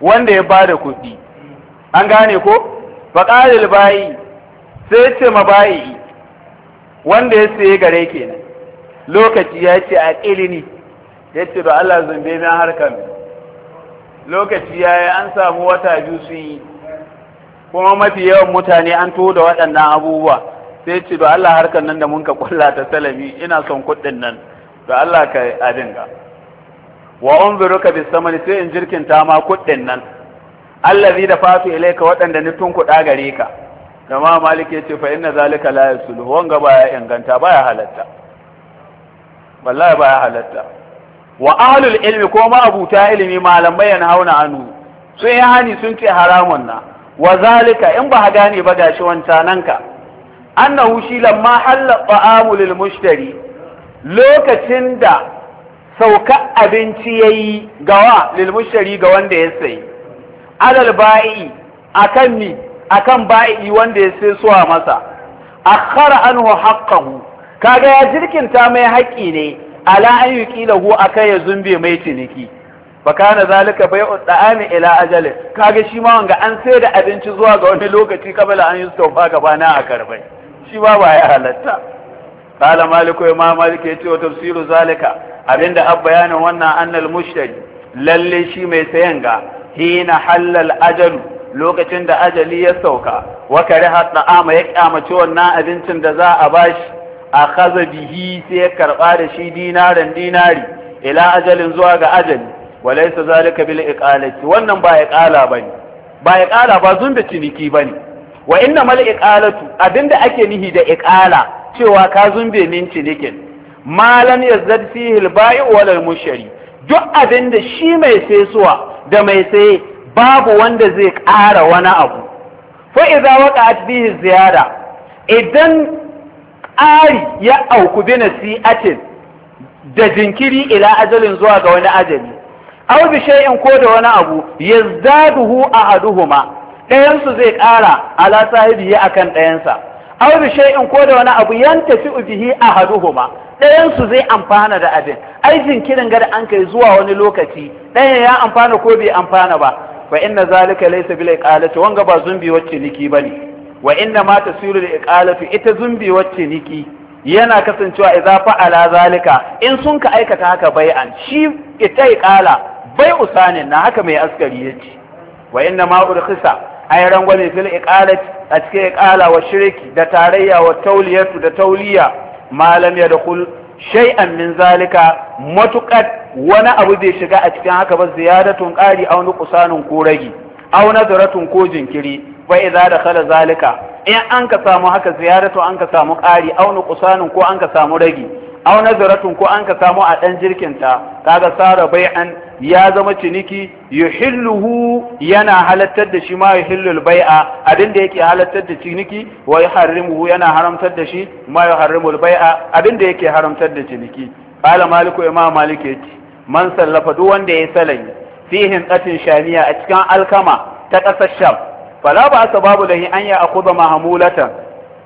wanda ya bada kuɗi an gane ko fa qalil bayi sai ce ma bayi wanda ya saye gare kenan lokaci ya ce a ƙilini ya ce Allah zumbe na harkar lokaci ya yi an samu wata biyu yi kuma mafi yawan mutane an tuhu da waɗannan abubuwa sai ce Allah harkar nan da mun ka kulla ta salami ina son kuɗin nan To Allah ka abin ga wa ka bis samani sai in ta ma kuɗin nan Allah zai da fatu ilaika waɗanda ni tun kuɗa gare ka kama malik ya ce fa inna zalika la yasulu wanga baya inganta baya halatta wallahi baya halatta wa ahlul ilmi ko ma ilmi ilimi malamai yana hauna anu sun yi hani sun ce haramun na wa zalika in ba gane ba gashi wancananka annahu shi lamma halla ta'amu lil mushtari lokacin da sauka abinci yayi gawa lil mushtari ga wanda ya sayi alal ba'i akan ni akan ba'i wanda ya sai suwa masa akhara anhu haqqahu kaga ya jirkinta mai haƙƙi ne ala an yuqila hu kan ya zumbe mai ciniki fa kana zalika bai da'ami ila ajali kaga shi ma wanga an sai da abinci zuwa ga wani lokaci kabla an yi gaba gabana a karbai shi ba ba ya halatta qala maliku ma cewa yace wa tafsiru zalika abinda ab bayanin wannan annal mushtari lalle shi mai sayan ga hina halal ajalu lokacin da ajali ya sauka wa kariha ya kyamace wannan abincin da za a bashi akhadha bihi sai ya karɓa da shi dinaran dinari ila ajalin zuwa ga ajali walaysa zalika bil iqalati wannan ba iqala bane ba iqala ba zumbi ciniki bane wa inna mal iqalatu abinda ake nihi da iqala cewa ka zumbe min cinikin malan yazad fihi al bai wal mushari duk abinda shi mai sai suwa da mai sai babu wanda zai ƙara wani abu fa idza waqa'at bihi ziyada idan ari ya auku bi nasi'atin da jinkiri ila ajalin zuwa ga wani ajali aw bi shay'in ko da wani abu yazdaduhu ahaduhuma ɗayan su zai ƙara ala sahibi akan ɗayansa aw bi shay'in ko da wani abu yantafi bihi ahaduhuma ɗayan su zai amfana da abin ai jinkirin gada an kai zuwa wani lokaci ɗayan ya amfana ko bai amfana ba fa inna zalika laysa bil qalati wanga ba zumbi wacce niki bane wa inna ma tasiru da iqalatu ita zumbi wacce niki yana kasancewa idza fa'ala zalika in sun ka aikata haka bai'an shi ita iqala bai usanin na haka mai askari yace wa inna ma urkhisa ay rangwame fil iqalat a cikin iqala wa shirki da tarayya wa tawliyatu da tauliya malam ya dakul shay'an min zalika Matuƙar wani abu zai shiga a cikin haka ba ziyadatun qari aw nuqsanun kusanin ko ragi aw nadaratun ko jinkiri fa idza dakhala zalika in an ka samu haka ziyaratu an ka samu ƙari aw nuqsanun ko an ka samu ragi aw nadaratun ko an ka samu a dan jirkinta kaga sara bai'an ya zama ciniki yuhilluhu yana halattar da shi ma yuhillul bai'a abin da yake halattar da ciniki wa yuharrimuhu yana haramtar da shi ma yuharrimul bai'a abin da yake haramtar da ciniki qala maliku imam maliki man sallafa duk wanda ya salayi fihin qatin shamiya a cikin alkama ta ƙasar sham fala ba su babu da an ya akhudha mahamulatan.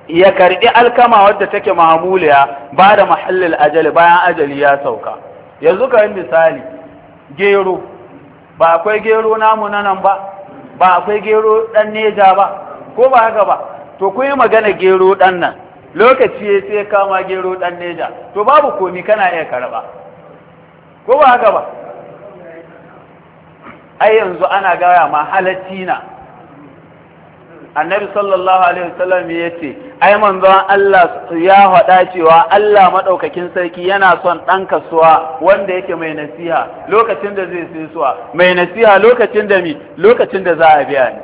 ya karɗi alkama wadda take mahamuliya, ba da mahallin ajali bayan ajali ya sauka yanzu ka misali gero ba akwai gero namu na nan ba ba akwai gero dan neja ba ko ba haka ba to ku yi magana gero dan nan lokaci ya sai kama gero dan neja to babu komi kana iya karɓa? ko ba haka ba ai yanzu ana gaya ma halatti na annabi sallallahu alaihi wasallam ya ce ai manzon Allah ya faɗa cewa Allah madaukakin sarki yana son ɗan kasuwa wanda yake mai nasiha lokacin da zai sai suwa mai nasiha lokacin da mi lokacin da za a biya ni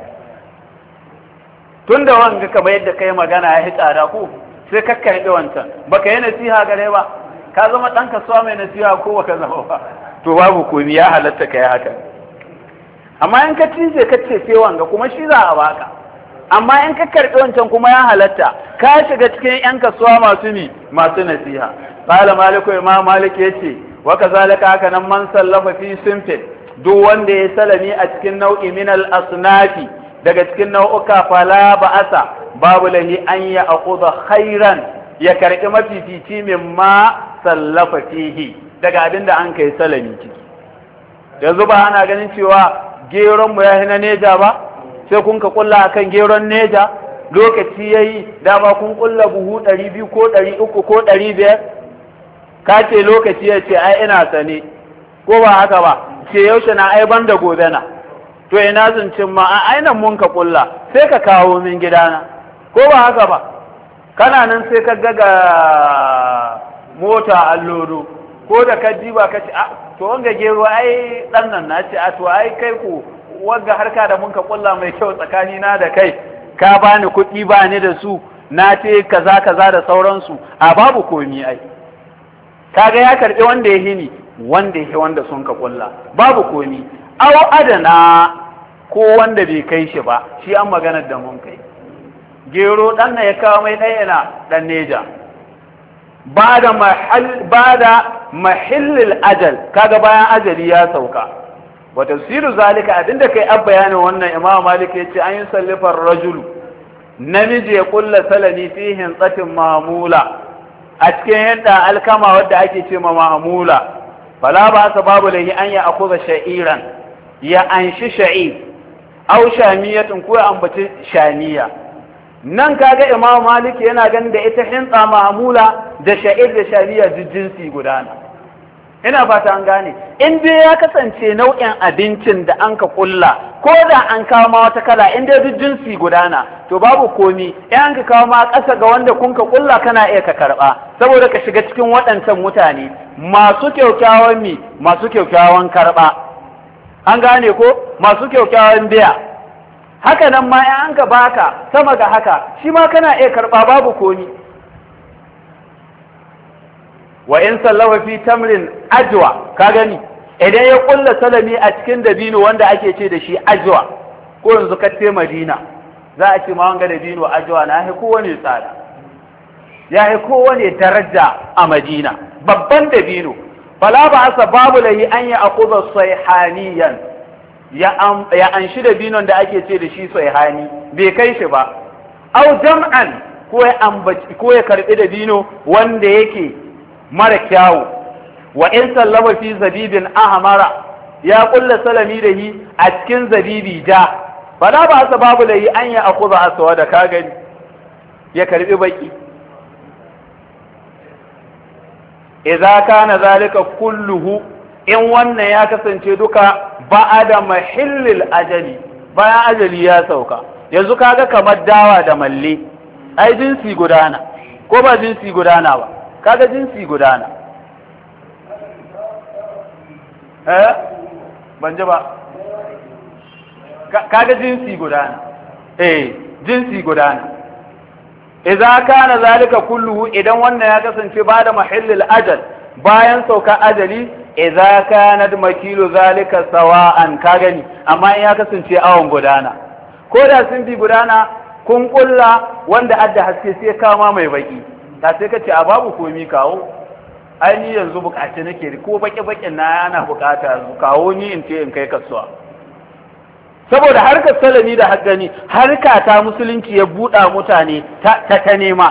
tun da wanga kamar yadda kai magana ya tsada ko sai ka karɓi wancan baka yi nasiha gare ba ka zama ɗan kasuwa mai nasiha ko baka zama ba to babu komi ya halatta kai haka amma in ka cije ka ce sai wanga kuma shi za a baka amma in ka karɓi wancan kuma ya halatta ka shiga cikin yan kasuwa masu ni masu nasiha qala maliku imam malik yace wa kazalika haka nan man sallafa fi duk wanda ya salami a cikin nau'i min al asnafi daga cikin nau'uka fala ba'asa babu lahi an ya aquda khairan ya karɓi mafifici min ma sallafa fihi daga abinda an kai salami ciki yanzu ba ana ganin cewa geron mu ya hina neja ba sai kun ka kulla akan geron neja lokaci yayi dama kun kulla buhu ɗari biyu ko ɗari uku ko ɗari ka ce lokaci ya ce ai ina sane ko ba haka ba ce yaushe na ai ban da gobe na to ina zancin ma a ainan mun ka kulla sai ka kawo min gidana ko ba haka ba kana nan sai ka ga mota allodo ko da ka ji ba ka ce ah, to wanga gero ai dan nan na ce a ah, to ai kai ku wanga harka da mun ka kulla mai kyau tsakani na da kai ka bani kuɗi ba ni da su na ce kaza kaza da sauransu a babu komi ai kaga ya karbi wanda ya hini wanda ya wanda sun ka kulla babu komi Au adana ko wanda bai kai shi ba shi an maganar da mun kai gero dan nan ya kawo mai ɗaya na dan neja ba da mahallin ajal kaga bayan ajali ya sauka wa tafsiru zalika abinda kai abba bayanin wannan imam malik ya ce an yi sallifar rajulu namiji ya kulla salami fi tsatin mamula a cikin yanda alkama wadda ake ce ma mamula fala ba sa babu lahi an ya akuza sha'iran ya anshi sha'i au shamiyatun ko ya ambaci shaniya nan ka ga imam maliki yana ganin da ita hinta ma'amula da sha'ir da shari'a da jinsi gudana ina fata an gane in dai ya kasance nau'in abincin da an ka kulla ko da an kawo ma wata kala in dai jinsi gudana to babu komi in an ka kawo ma ƙasa ga wanda kun ka kulla kana iya ka karba saboda ka shiga cikin waɗancan mutane masu kyaukyawan mi masu kyaukyawan karba an gane ko masu kyaukyawan biya haka nan ma in an ka baka sama ga haka shi ma kana iya karɓa babu komi wa in sallawa fi tamrin ajwa ka gani idan ya ƙulla salami a cikin dabino wanda ake ce da shi ajwa ko yanzu ka ce madina za a ce ma wanga dabino ajwa na ya kowane tsada ya yi kowane daraja a madina babban dabino Bala ba asa babu lahi an yi akuza sai ya anshi da binon da ake ce da shi saihani bai kai shi ba au jam'an ko ya ambaci ko ya karbi da dino wanda yake mara kyawu wa in sallama fi zabibin ahmara ya kulla salami da hi a cikin zabibi ja bala ba sa babu da yi an ya akuza aswa da ka gani ya karbi baki idza kana zalika kulluhu in wannan ya kasance duka Ba da mahillil ajali bayan ajali ya sauka yanzu kaga kamar dawa da malle ai jinsi gudana ko ba jinsi gudana ba kaga jinsi gudana eh ban ji ba kaga jinsi gudana eh jinsi gudana ka kana zalika kulluhu idan wannan ya kasance ba da mahillil ajal bayan sauka ajali idza kanat makilu zalika sawa'an ka gani amma in ya kasance awon gudana ko da sun bi gudana kun kulla wanda adda haske sai kama mai baki ta sai kace a babu komi kawo ai ni yanzu bukaci nake ko baki bakin na yana bukata kawo ni in ce in kai kasuwa saboda harka salami da haggani harka ta musulunci ya buɗa mutane ta ta nema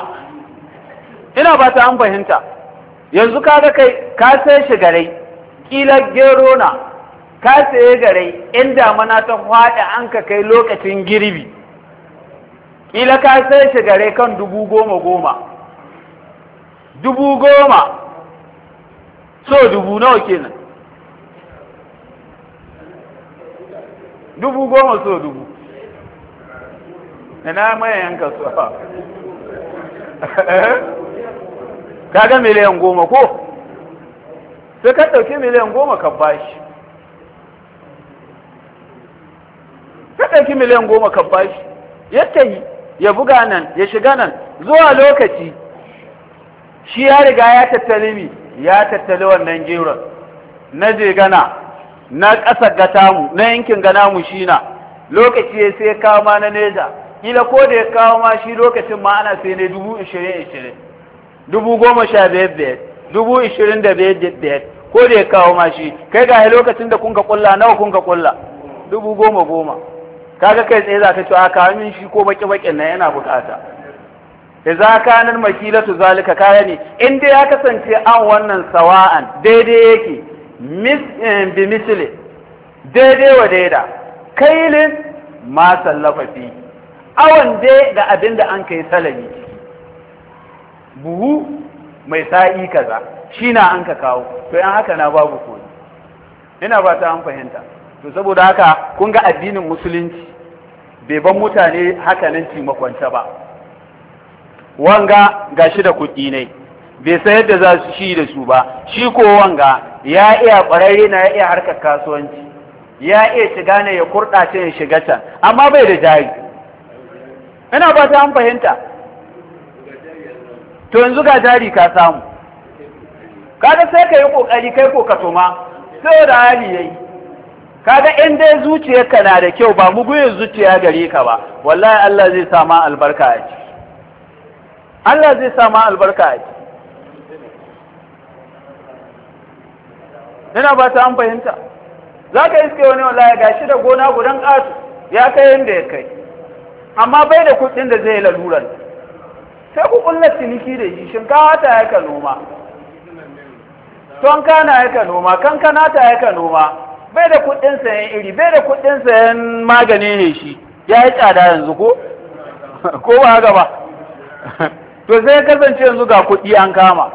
ina ba ta an fahimta yanzu kaga kai ka sai garai. kila gero na ka saye gare in damana ta hwaɗe an ka kai lokacin girbi kila ka sai shi gare kan dubu goma goma dubu goma so dubu nawa kenan dubu goma so dubu ina mai yanka [LAUGHS] eh? Ka ga miliyan goma ko sai ka ɗauki miliyan goma ka bashi ka ɗauki miliyan goma ka bashi yadda yi ya buga nan ya shiga nan zuwa lokaci shi ya riga ya tattali mi ya tattali wannan geron na je gana na ƙasar mu, na yankin gana mu shi na lokaci ya sai kama na neja kila ko da ya kawo ma shi lokacin ma ana sai ne dubu ishirin ishirin dubu goma sha biyar biyar dubu ishirin da biyar biyar ko da ya kawo mashi kai ga lokacin da kun ka kulla nawa kun ka kulla dubu goma goma kaga kai tsaye za ka ci a kawo min shi ko baki bakin na yana bukata idza su makilatu zalika kaya ne in dai ya kasance an wannan sawa'an daidai yake eh, bi misli daidai wa daida kailin ma sallafa fi awan dai da abinda an kai salami buhu mai sa'i kaza shi na an ka kawo to yan haka na babu koyi ina ba ta an fahimta to saboda haka kun ga addinin musulunci bai ban mutane haka nan ci makwance ba wanga ga shi da kuɗi ne bai sayar da za su shi da su ba shi ko wanga ya iya ƙwararre na ya iya harkar kasuwanci ya iya shiga ne ya kurɗa ce ya shiga can amma bai da jari ina ba ta an fahimta to yanzu ga jari ka samu kaga sai ka yi kokari kai ko ka toma sai da hali yayi kaga in dai zuciyarka na da kyau ba mu muguyin zuciya gare ka ba wallahi Allah zai sa ma albarka a ciki Allah zai sa ma albarka a ciki ina ba ta an fahimta za ka iske wani wallahi gashi da gona gudan ƙasu ya kai yadda ya kai amma bai da kuɗin da zai laluran sai ku ƙulla ciniki da shi shinkawa ta ya ka noma ton kana yaka noma kankana ta yaka noma bai da kuɗin sayan iri bai da kuɗin sayan magani ne shi ya yi tsada yanzu ko [LAUGHS] ko ba haka ba [LAUGHS] to sai kasance yanzu ga kuɗi an kama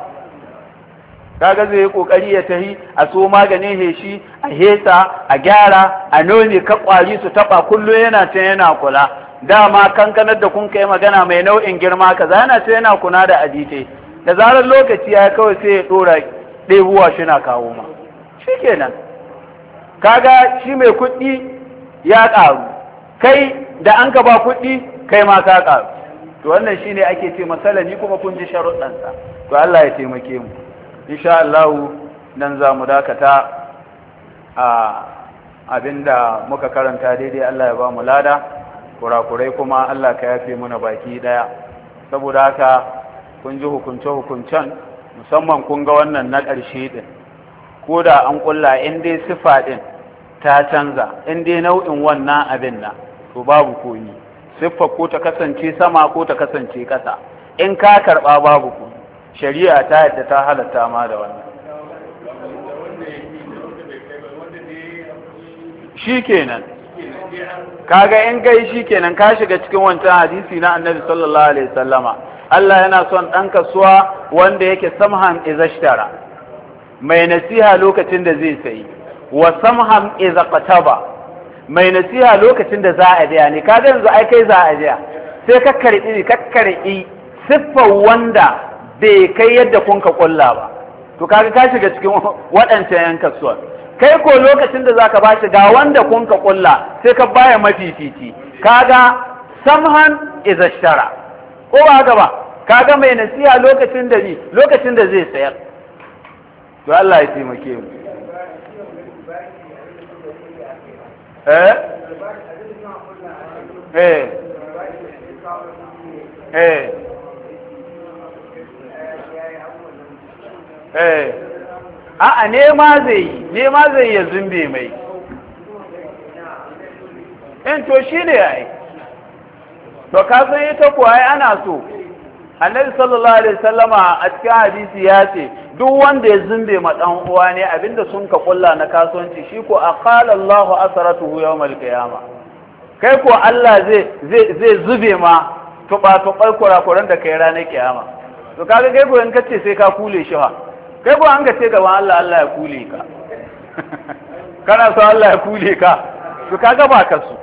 kaga zai yi kokari ya tahi a so maganin heshi a hesa a gyara a nome ka kwari su taba kullum yana can yana kula dama kankanar da kun kai magana mai nau'in girma kaza yana ta yana kuna da adite da zarar lokaci ya kawai sai ya dora ɗebuwa shi na kawo ma shi kenan kaga shi mai kuɗi ya ƙaru kai da an ka ba kuɗi kai ma ka ƙaru to wannan shi ne ake ce masala ni kuma kun ji sharuɗansa to Allah ya taimake mu insha Allah nan za mu dakata a abinda muka karanta daidai Allah ya ba mu lada kurakurai kuma Allah ka yafe muna baki ɗaya. saboda haka kun ji hukunce-hukuncen musamman kun ga wannan na ƙarshe ɗin ko da an ƙulla in dai sifa ɗin ta canza in dai nau'in wannan abin na to babu komi siffa ko ta kasance sama ko ta kasance ƙasa in ka karɓa babu komi shari'a ta yadda ta halatta ma da wannan shi kenan kaga in kai shi kenan ka shiga cikin wancan hadisi na annabi sallallahu alaihi wasallama Allah yana son ɗan kasuwa wanda yake samhan izashtara mai nasiha lokacin da zai sayi wa samhan izaqtaba mai nasiha lokacin da za a biya ne ka yanzu ai kai za a biya sai ka karbi ka karbi siffar wanda bai kai yadda kun ka kulla ba to kaga ka shiga cikin waɗancan yan kasuwa kai ko lokacin da zaka bashi ga wanda kun ka kulla sai ka baya mafifici kaga samhan izashtara ko ba haka ba kaga mai nasiha lokacin da ni lokacin da zai sayar to Allah ya taimake mu eh eh eh eh a a'a nema zai yi nema zai ya zumbe mai in eh, to shi ne ya yi to ka san ita ko ai ana so annabi sallallahu alaihi wasallama a cikin hadisi ya ce duk wanda ya zumbe ma dan uwa ne abinda sun ka kulla na kasuwanci shi ko aqala Allahu asratuhu yawmal qiyama kai ko Allah zai zai zai zube ma tuba tuba kurakuran da kai ranar kiyama to kaga kai ko in ka ce sai ka kule shi ha kai ko an ka ce gaban Allah Allah ya kule ka [LAUGHS] kana so Allah ya kule ka to kaga ba ka so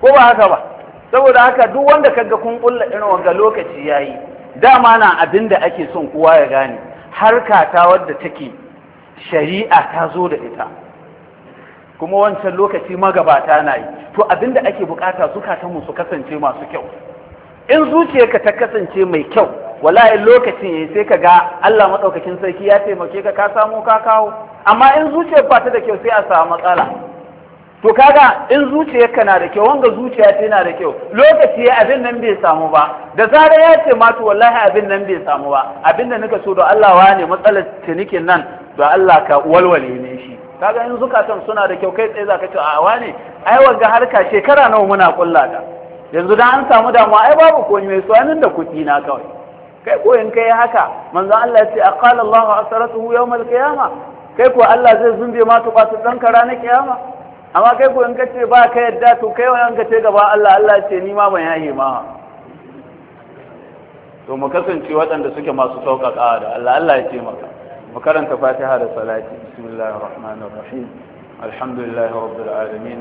ko ba haka ba saboda haka duk wanda kaga kun kulla irin wanga lokaci yayi dama na abin da ake son kowa ya gane harka ta wadda take shari'a ta zo da ita kuma wancan lokaci magabata na yi to abin da ake bukata zukatanmu su kasance masu kyau in zuciyarka ta kasance mai kyau wallahi lokacin yayi sai ka ga Allah madaukakin sarki ya taimake ka ka samu ka kawo amma in zuciyar ba ta da kyau sai a samu matsala to kaga in zuciyarka na da kyau wanga zuciya ce yana da kyau lokaci ya abin nan bai samu ba da zara ya ce ma to wallahi abin nan bai samu ba abin da nika so da Allah wa ne matsalar cinikin nan to Allah ka walwale ne shi kaga in zukatan suna da kyau kai tsaye zaka ce a wane ai wanga harka shekara nawa muna kulla ta yanzu da an samu damuwa ai babu komai mai suwanin da kuɗi na kawai kai koyin kai haka manzo Allah ya ce aqala Allahu asratuhu yawmal qiyamah kai ko Allah zai zumbe ma su dan kara na kiyama amma kai ko in ka ce ba ka yadda to kai wannan ka ce gaba Allah Allah ce ni ma ban yaye ma to mu kasance waɗanda suke masu sauƙaƙa da Allah Allah ya ce maka mu karanta Fatiha da salati bismillahir rahmanir rahim alhamdulillahi rabbil alamin